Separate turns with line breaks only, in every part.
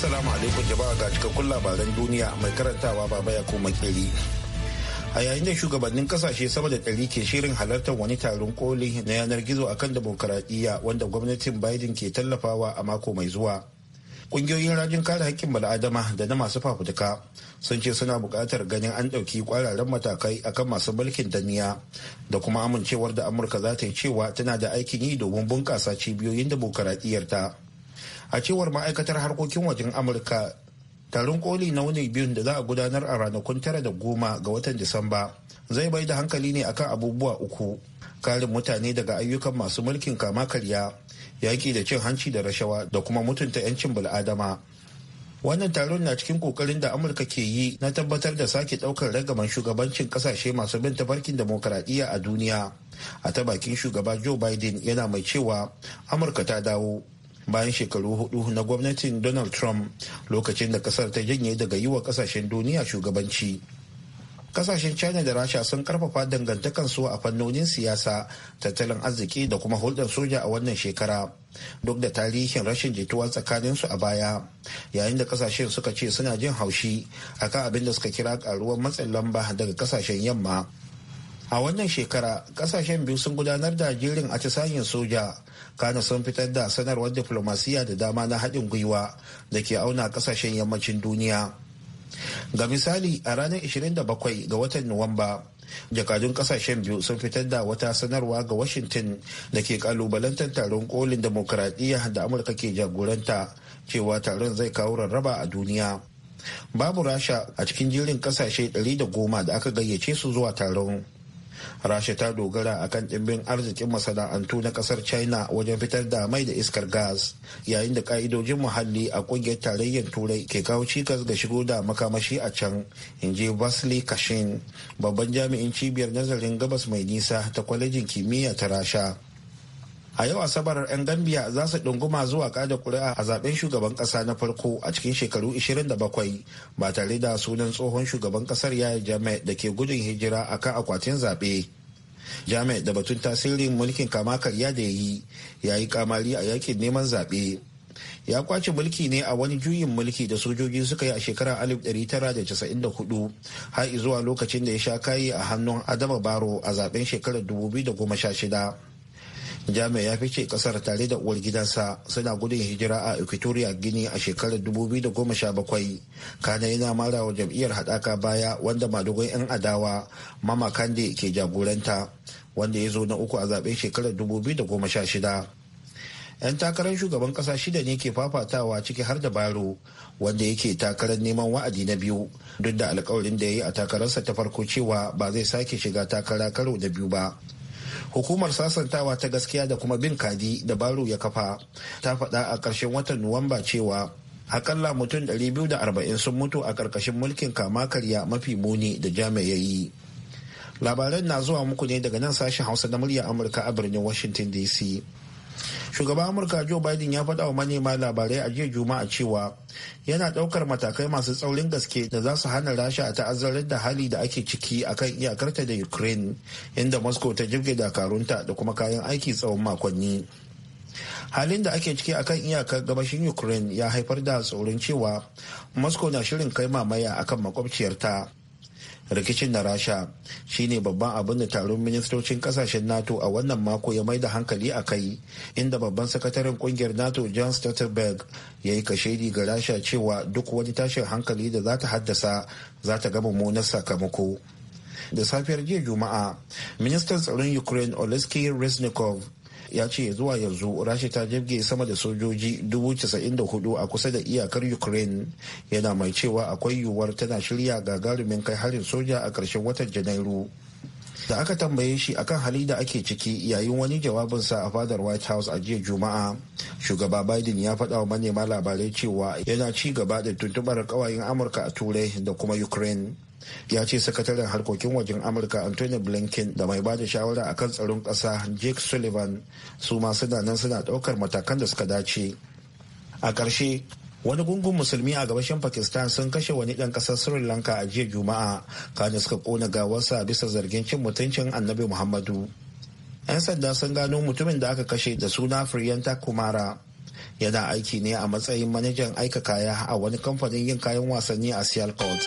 Assalamu
alaikum jama'a ga cikakkun labaran duniya mai karantawa baba ya koma kiri. A yayin da shugabannin kasashe sama da ɗari ke shirin halartar wani taron koli na yanar gizo akan demokaradiyya wanda gwamnatin Biden ke tallafawa a mako mai zuwa. ƙungiyoyin rajin kare haƙƙin bala'adama da na masu fafutuka sun ce suna buƙatar ganin an ɗauki ƙwararren matakai akan masu mulkin danniya da kuma amincewar da Amurka za ta yi cewa tana da aikin yi domin bunƙasa cibiyoyin demokaradiyyar ta. a cewar ma'aikatar harkokin wajen amurka taron koli na wani biyun da za a gudanar a ranakun tara da goma ga watan disamba zai bai da hankali ne akan abubuwa uku karin mutane daga ayyukan masu mulkin kama karya yaƙi da cin hanci da rashawa da kuma mutunta 'yancin bil'adama wannan taron na cikin kokarin da amurka ke yi na tabbatar da sake ɗaukar ragaman shugabancin kasashe masu bin tafarkin demokradiyya a duniya a ta bakin shugaba joe biden yana mai cewa amurka ta dawo bayan shekaru hudu na gwamnatin donald trump lokacin da kasar ta janye daga yi wa kasashen duniya shugabanci kasashen china da rasha sun karfafa dangantakansu a fannonin siyasa tattalin arziki da kuma hulɗar soja a wannan shekara duk da tarihin rashin jituwa tsakaninsu a baya yayin da kasashen suka ce suna jin haushi akan abin da suka kira karuwar matsin lamba daga kasashen yamma a wannan shekara kasashen biyu sun gudanar da jerin atisayen soja kana sun fitar da sanarwar diflomasiyya da dama na haɗin gwiwa da ke auna kasashen yammacin duniya ga misali a ranar 27 ga watan nuwamba jakadun kasashen biyu sun fitar da wata sanarwa ga washington da ke kalubalantar taron kolin demokuraɗiyya da amurka ke jagoranta cewa taron zai kawo rarraba a duniya babu rasha a cikin jirin kasashe 110 da aka gayyace su zuwa taron rasha ta dogara a kan ɗimbin arzikin masana'antu na ƙasar china wajen fitar da mai da iskar gas yayin da ƙa'idojin muhalli a ƙungiyar tarayyar turai ke kawo cikas ga shigo da makamashi a can in ji wesley kashin babban jami'in cibiyar nazarin gabas mai nisa ta kwalejin kimiyya ta rasha a yau asabar 'yan gambia za su ɗunguma zuwa kada kuri'a a zaben shugaban ƙasa na farko a cikin shekaru 27 ba tare da sunan tsohon shugaban ƙasar yaya jami'a da ke gudun hijira a kan akwatin zaɓe jami'a da batun tasirin mulkin kama karya da ya yi ya yi kamari a yakin neman zaɓe ya kwace mulki ne a wani juyin mulki da sojoji suka yi a shekara 1994 har zuwa lokacin da ya sha kayi a hannun adama baro a zaben shekarar 2016 jami'a ya fice kasar tare da uwar gidansa suna gudun hijira a equatoria gini a shekarar 2017 kana yana mara wa jam'iyyar haɗaka baya wanda madogon 'yan adawa mama kande ke jagoranta wanda ya zo na uku a zaben shekarar 2016 'yan takarar shugaban kasa shida ne ke fafatawa ciki har da baro wanda yake takarar neman wa'adi na biyu duk da alkawarin da ya yi a takararsa ta farko cewa ba zai sake shiga takara karo da biyu ba hukumar sasantawa ta gaskiya da kuma bin kadi da baro ya kafa ta faɗa a ƙarshen watan nuwamba cewa akalla mutum 240 sun mutu a ƙarƙashin mulkin kama karya mafi muni da jami'ai labaran na zuwa muku ne daga nan sashen hausa na murya amurka a birnin washington dc shugaban amurka joe biden ya faɗa wa manema labarai a jiya juma'a cewa yana ɗaukar matakai masu tsaurin gaske da za su hana rasha a ta'azzarar da hali da ake ciki akan iyakarta da ukraine inda moscow ta jirge dakarunta da kuma kayan aiki tsawon makonni halin da ake ciki akan iyakar gabashin ukraine ya haifar da tsoron cewa moscow na shirin kai mamaya akan makwabciyarta rikicin na rasha shine babban abin da taron ministocin kasashen nato a wannan mako ya mai da hankali a kai inda babban sakataren kungiyar nato john stoltenberg ya yi kashedi ga rasha cewa duk wani tashin hankali da za ta haddasa za ta ga mummunar sakamako da safiyar jiya juma'a ministan tsaron ukraine oleski reznikov ya ce zuwa yanzu rasha ta jirge sama da sojoji 94,000 a kusa da iyakar ukraine yana mai cewa akwai yiwuwar tana shirya gagarumin kai harin soja a ƙarshen watan janairu da aka tambaye shi akan hali da ake ciki yayin wani jawabinsa a fadar white house a jiya juma'a shugaba biden ya faɗa wa manema labarai cewa yana ci gaba da tuntubar ƙawayen amurka a turai da kuma ukraine ya ce sakataren harkokin wajen amurka anthony blinken da mai bada shawara akan tsaron ƙasa jake sullivan su ma nan suna ɗaukar matakan da suka dace a ƙarshe wani gungun musulmi a gabashin pakistan sun kashe wani ɗan ƙasar sri lanka a jiya juma'a kana suka ƙona gawarsa bisa zargin cin mutuncin annabi muhammadu 'yan sanda sun gano mutumin da aka kashe da suna Priyanta Kumara. Yana aiki ne a matsayin manajan aika kaya a wani kamfanin yin kayan wasanni a sialcourt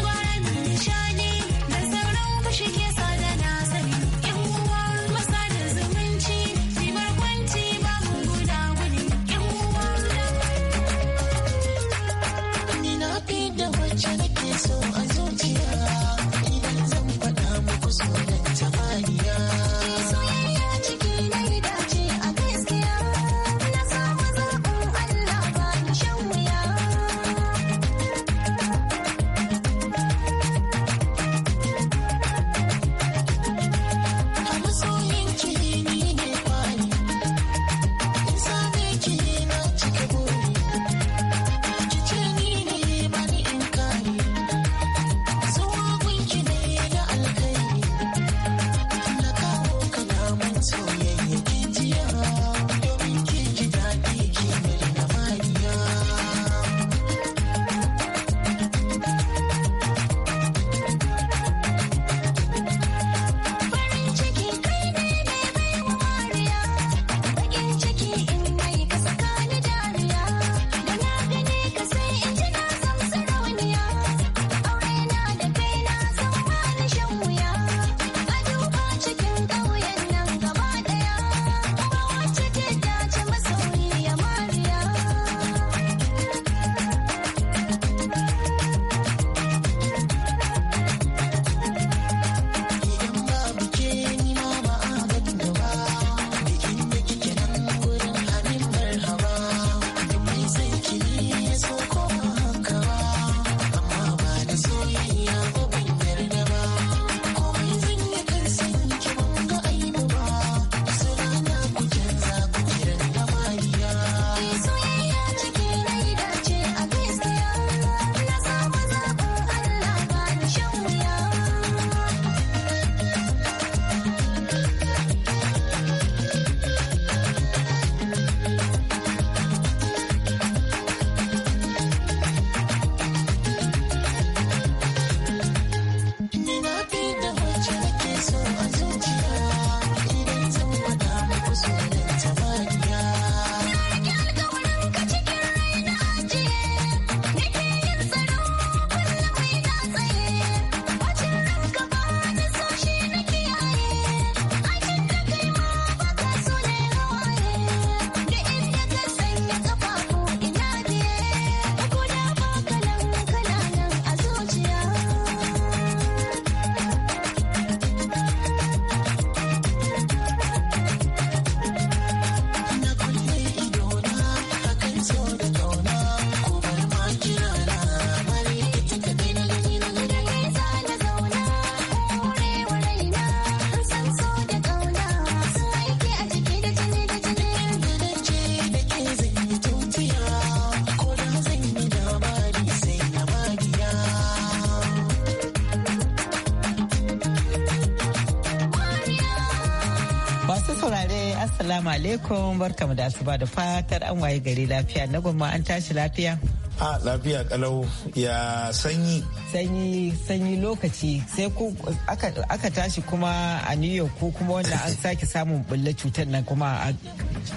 alaikum barkamu da asuba da fatar an waye gari lafiya na gwamma an tashi lafiya. a lafiya kalau ya sanyi sanyi sanyi lokaci sai ku aka, tashi kuma a new york ko kuma wanda an sake samun bulle cutar nan kuma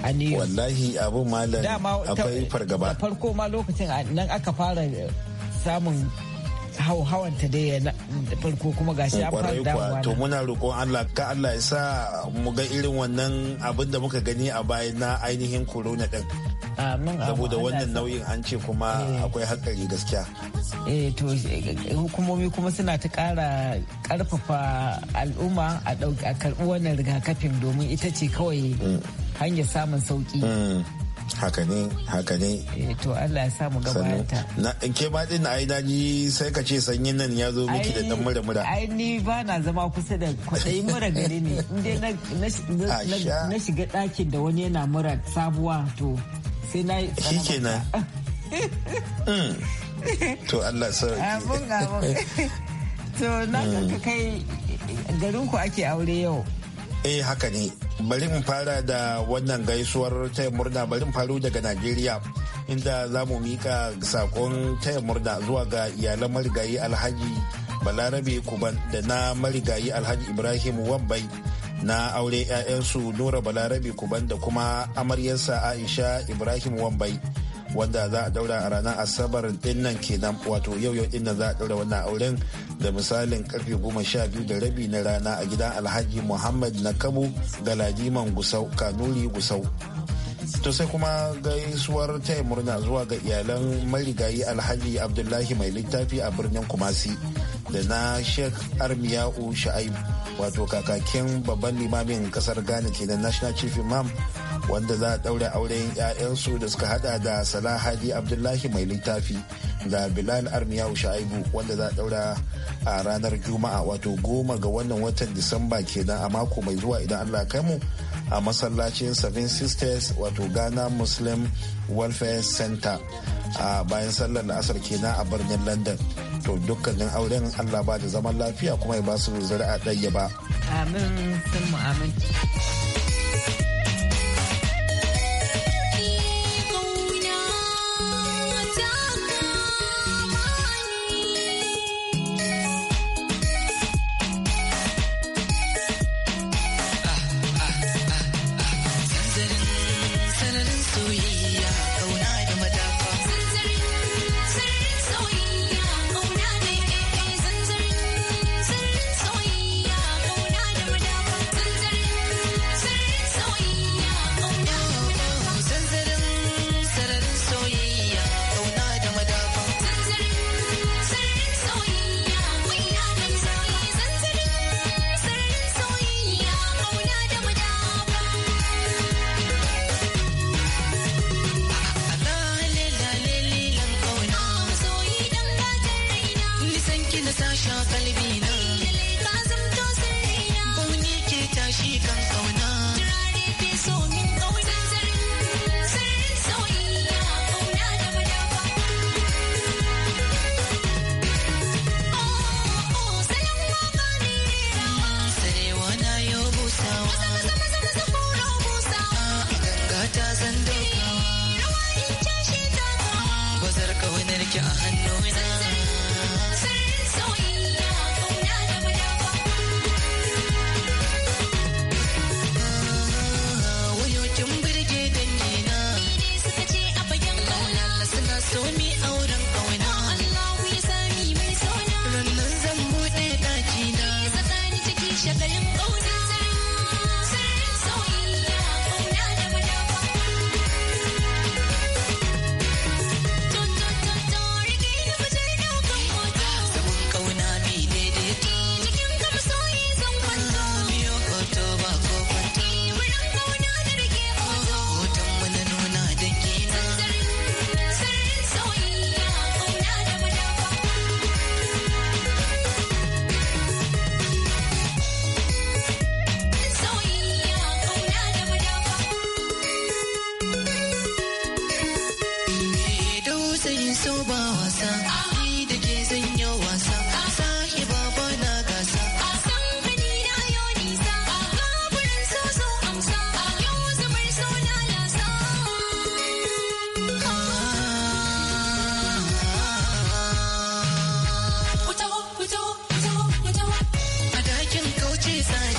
a new york
wallahi abu malam akwai fargaba
farko ma lokacin nan aka fara samun ta dai na farko kuma gashi an fara to
muna roƙon Allah ka Allah ya sa mu ga irin wannan abin da muka gani a baya na ainihin corona din saboda wannan nauyin an ce kuma eh. akwai hankali gaskiya
eh to eh, hukumomi kuma suna ta ƙara karfafa al'umma a karɓi wannan rigakafin domin ita ce kawai mm. hanyar samun sauki
mm. haka ne haka ne
eh, to Allah ya sa mu gabata
na ke ma din ai daji sai ka ce sanyin nan ya zo miki da dan mura mura ai
ni ba na zama kusa da kwadayi mura gari ne in dai na shiga ɗakin da wani yana mura sabuwa to sai na yi shikenan
mm. to Allah sarki
abun abun to na ka mm. kai
garin ku ake aure yau Eh haka ne. Bari mu fara da wannan gaisuwar taya murna bari mu faru daga Najeriya inda za mu mika sakon taya murna zuwa ga iyalan marigayi Alhaji Balarabe Kuban da na marigayi Alhaji Ibrahim wambai na aure 'ya'yansu Nura Balarabe Kuban da kuma amaryarsa Aisha Ibrahim Wambai. wanda za a daura a ranar asabar dinnan kenan wato yau yau dinnan za a daura wannan auren da misalin karfe goma sha biyu da rabi na rana a gidan alhaji muhammad na kabu galadiman gusau kanuri gusau to sai kuma gaisuwar taya murna zuwa ga iyalan marigayi alhaji abdullahi mai littafi a birnin kumasi da na sheikh armiyau sha'ib wato kakakin babban limamin kasar ghana kenan national chief imam wanda za a ɗaura auren 'ya'yansu da suka hada da salahadi abdullahi mai littafi da bilal armiyau shaibu wanda za a ɗaura a ranar juma'a wato goma ga wannan watan disamba kenan a mako mai zuwa idan allah kai mu a masallacin seven sisters wato ghana muslim welfare center a bayan sallar la'asar kenan a birnin london to dukkanin auren allah ba da zaman lafiya kuma ya ba su zuri'a ɗaya ba amin sun mu ci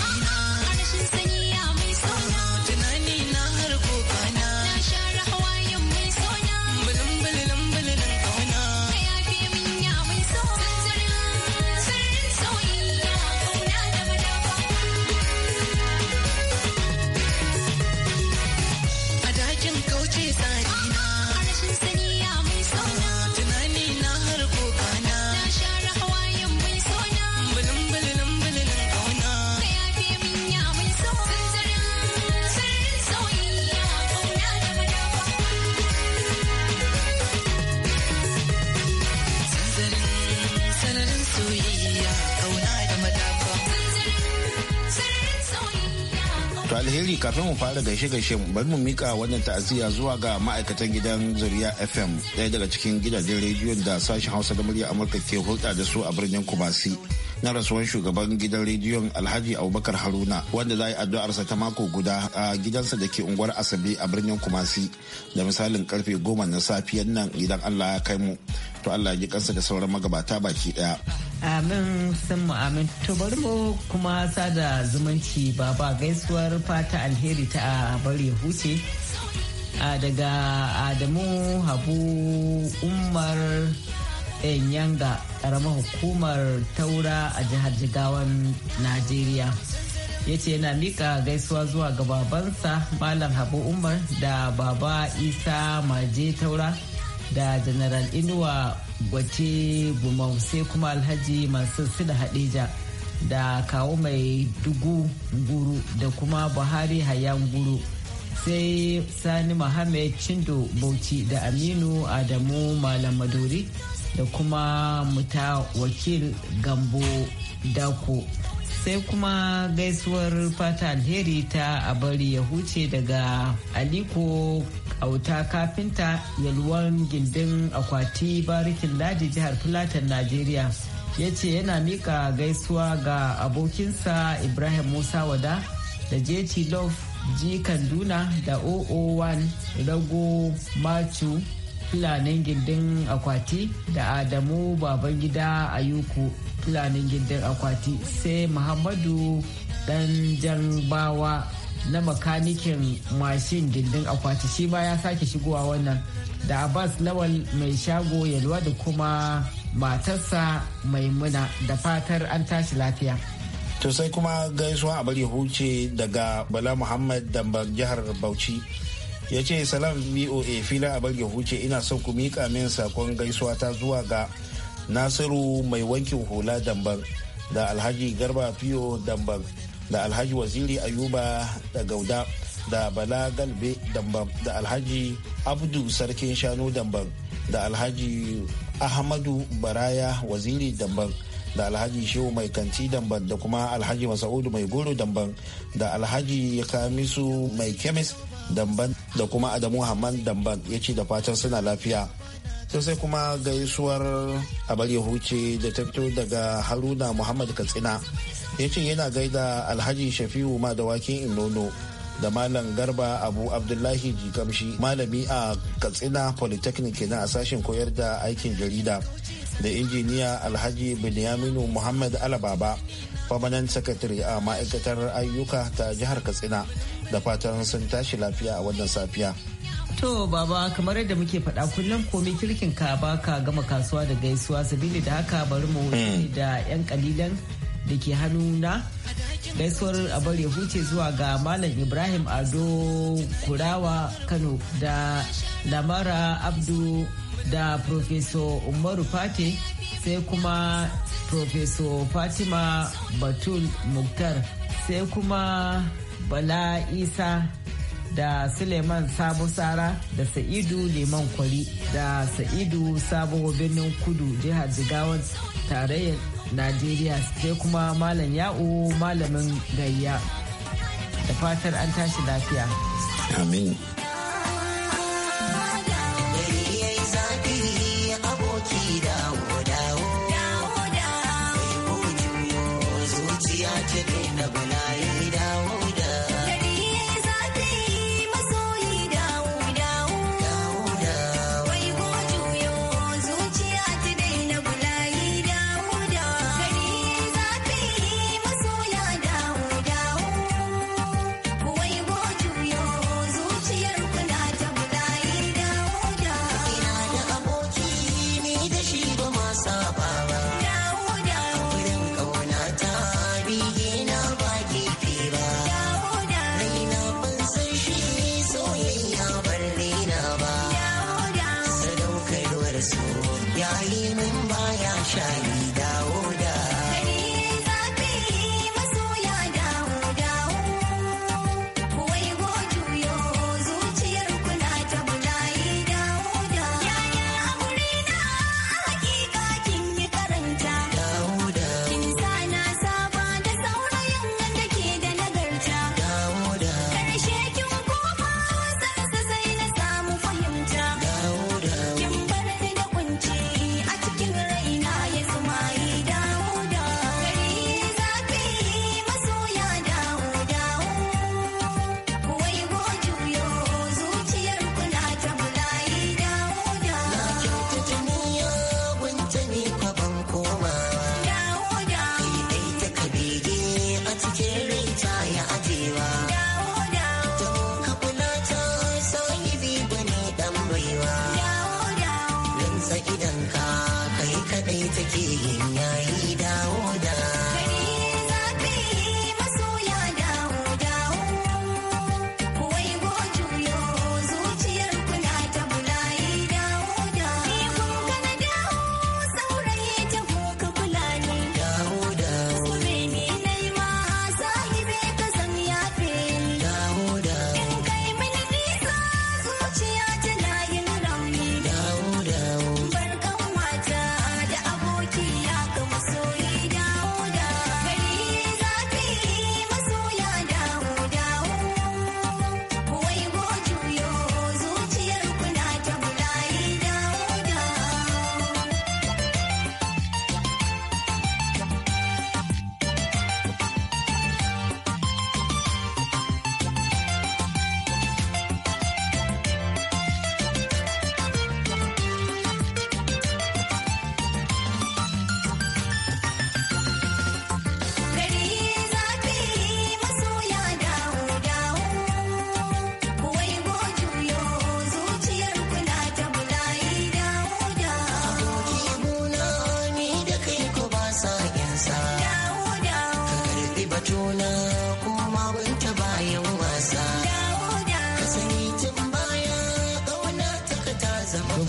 da gaishe-gaishe bari mu mika wannan ta'aziyya zuwa ga ma'aikatan gidan zuriya fm ɗaya daga cikin gidajen rediyon da sashen hausa da murya amurka ke hulɗa da su a birnin kumasi na rasuwan shugaban gidan rediyon alhaji abubakar haruna wanda za a yi addu'arsa ta mako guda a gidansa da ke unguwar asabe a birnin kumasi da misalin karfe goma na safiyan nan idan allah ya kai mu to Allah ya ji kansa da sauran magabata baki daya
amin sun mu amin to bari mu kuma sada zumunci baba gaisuwar fata alheri ta bari huce daga Adamu Habu Umar Enyanga karamar hukumar taura a jihar Jigawan Najeriya. ya ce yana mika gaisuwa zuwa ga babansa malam habu umar da baba isa maje taura da general inuwa gwace gumau sai kuma alhaji masu sida hadija da kawo mai dugu guru da kuma buhari hayan guru sai sani mohammed chindo bauchi da aminu adamu malam maduri da kuma muta wakil gambo dako sai kuma gaisuwar fata alheri ta abari ya huce daga aliko auta kafinta yalwan gindin akwati barikin ladi jihar filatan najeriya ya ce yana mika gaisuwa ga abokinsa ibrahim musa wada da jt love ji kanduna da 001 rago machu filanin gindin akwati da adamu babangida ayuku filanin gindin akwati sai muhammadu dan jan bawa na makanikin mashin gindin akwati shi ma ya sake shigowa wannan da abbas lawal mai shago yalwa da kuma matarsa maimuna da fatar an tashi lafiya
to sai kuma gaisuwa a bari huce daga bala muhammad dambar jihar bauchi ya ce salam boa fila a bari huce ina son ku miƙa min sakon gaisuwa ta zuwa ga nasiru mai wankin hula dambar da alhaji garba fiyo dambar da alhaji waziri ayuba da gauda da bala galbe dambam da alhaji abdu sarkin shanu dambam da alhaji ahmadu baraya waziri dambam da alhaji shehu mai kanti damban da kuma alhaji masa'udu mai goro damban da alhaji kamisu mai kemis damban da kuma adamu hamman damban ya ce da fatan suna lafiya sosai sai kuma gaisuwar abar ya huce da ta fito daga haruna muhammad katsina ya ce yana gaida alhaji shafi'u wakin inono da malam garba abu abdullahi jikamshi malami a katsina polytechnic kenan a sashen koyar da aikin jarida da injiniya alhaji binyaminu muhammad alababa permanent secretary a ma'aikatar ayyuka ta jihar katsina da fatan sun tashi lafiya a wannan safiya.
To baba kamar yadda muke faɗa kullum komai kirkin ka ba ka gama kasuwa da gaisuwa sabili da haka bari mu hmm. da 'yan kalilan da ke hannuna gaisuwar abar ya huce zuwa ga malam ibrahim ado kurawa kano da lamara abdu da profeso umaru fati sai kuma profeso fatima batul muktar sai kuma bala isa da Suleiman Sabo Sara da Sa'idu Liman Kwari da Sa'idu Sabo Birnin Kudu jihar Jigawan tarayyar Najeriya sai kuma Malam Ya'u Malamin Gayya. Da fatar an tashi lafiya.
Amin.
Dawo,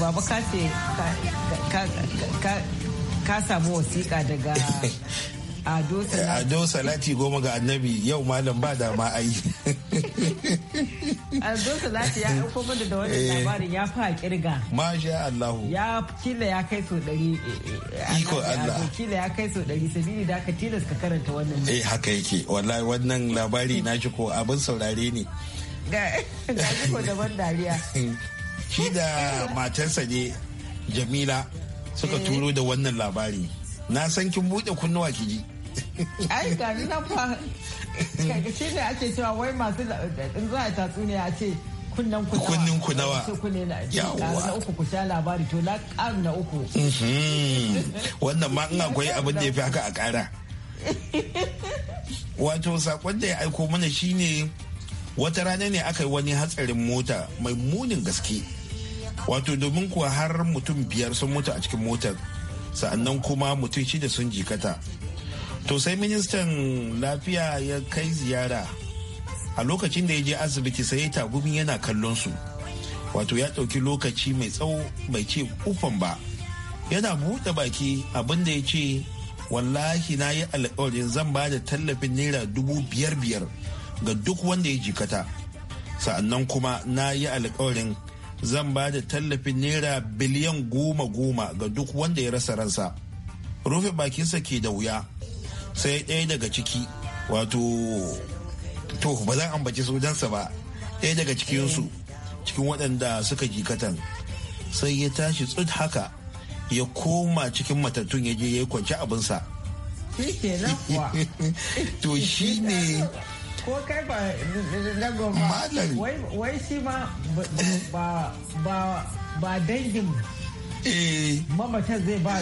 baba ka ce ka samu wasiƙa daga
Ado Salati goma ga annabi yau malam ba da ma ai.
Ado Salati ya ɗauko mana da wannan eh. labarin ya fa kirga.
Masha Allahu.
Ya kila ya kai so ɗari. Eh,
eh, Iko Allah.
Kila ya kai so ɗari sabili da aka tilas ka karanta wannan. Eh haka
yake wallahi wannan labari na shi ko abin saurare ne. Ga ko daban dariya. shi da matarsa ne jamila suka eh. turo da wannan labari na san kin buɗe kunnuwa ki ji
ai ga na fa shi ne ake cewa wai masu in za a ne a ce kunnen kunawa kunnen kunawa yawa na uku ku sha labari to na ƙaru na uku
mhm. wannan ma in akwai abin da ya fi haka a ƙara wato sakon da ya aiko mana shine wata rana ne aka yi wani hatsarin mota mai munin gaske wato domin kuwa har mutum biyar sun mutu a cikin motar sa'annan kuma mutum shida sun jikata to sai ministan lafiya ya kai ziyara a lokacin da ya je asibiti sai ya tagumi yana kallon su wato ya ɗauki lokaci mai tsawo bai ce ufan ba yana buɗe baki abinda ya ce wallahi na yi alkawarin zan ba da tallafin naira dubu biyar biyar ga duk wanda ya jikata sa'annan kuma na yi alkawarin zan ba da tallafin naira biliyan goma goma ga duk wanda ya rasa ransa rufe bakinsa ke da wuya sai ɗaya daga ciki wato to ba zan ambaci sojansa ba ɗaya daga cikinsu cikin waɗanda suka jikatan sai ya tashi tsud haka ya koma cikin matattun ya je ya yi kwanci abinsa
to shi ne ko kai ba na goma wai shi ma ba dangin eh. mamatan zai
ba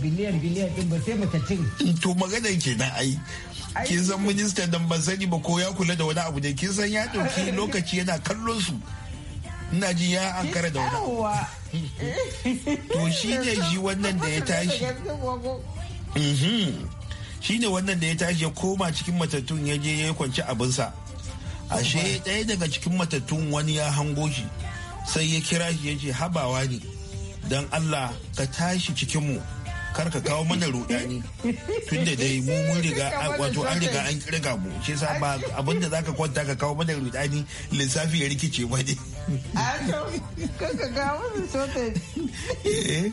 biliyan biliyan din ba sai makacin to maganar kenan ai kin san minista nan ban sani ba ko ya kula da wani abu ne kin san ya ɗauki lokaci yana kallon su ina ji ya ankara da wani to shi ne shi wannan da ya tashi mhm. shine wannan da ya tashi ya koma cikin matattun ya je ya kwanci abinsa ashe ɗaya daga cikin matattun wani ya hango shi sai ya kira shi ya ce habawa ne don allah ka tashi cikinmu kar ka kawo mana rudani tun da dai mu mun riga wato an riga an riga mu shi yasa ba abin da zaka kwanta ka kawo mana rudani lissafi ya rikice ba ne
ka kawo mana sote eh?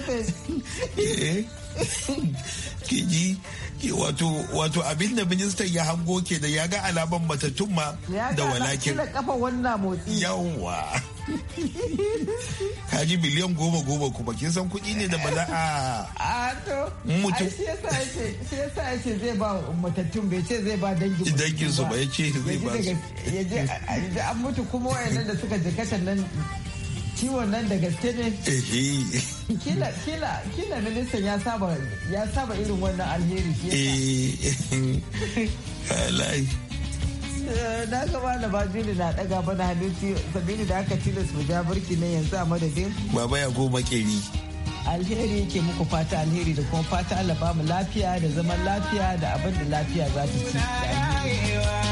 lopez
ki ji wato wato abin da ministan ya hango ke da ya ga alaman matattun ma da walakin
kafa wannan motsi yawwa
kaji miliyan goma goma kuma kin san kuɗi ne da ba za
a to mutum shi yasa ya ce zai ba matattun bai ce zai ba dangin dangin su ba ya ce zai ba su ya ji an mutu kuma wayannan da suka jikatan nan ciwon nan da gaske ne kila kila kila ministan ya saba ya saba irin wannan alheri eh. eh na gaba da ba jini na daga bana hannun sabini da aka tilas mu ja burki ne yanzu a madadin
baba ya goma
alheri ke muku fata alheri da kuma fata Allah ba mu lafiya da zaman lafiya da abin da lafiya za ta ci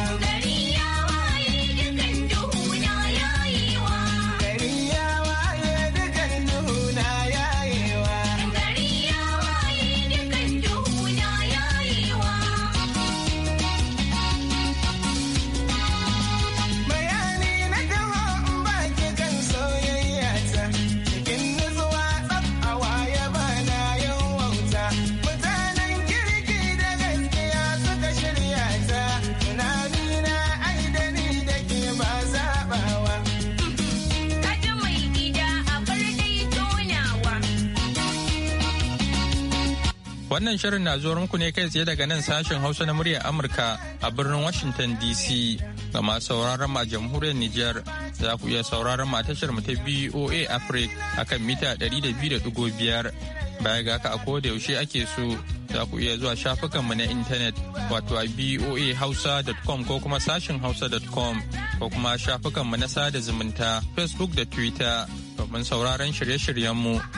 Wannan shirin na zuwa muku ne kai tsaye daga nan sashen Hausa na muryar Amurka a birnin Washington DC. Ga masu sauraron ma jamhuriyar Nijar za ku iya sauraron ma tashar mu ta BOA Africa kan mita 200.5. Baya ga ka a koda yaushe ake so za ku iya zuwa shafukan mu na intanet wato a boahausa.com ko kuma sashin hausa.com ko kuma mu na sada zumunta Facebook da Twitter domin sauraron shirye-shiryenmu.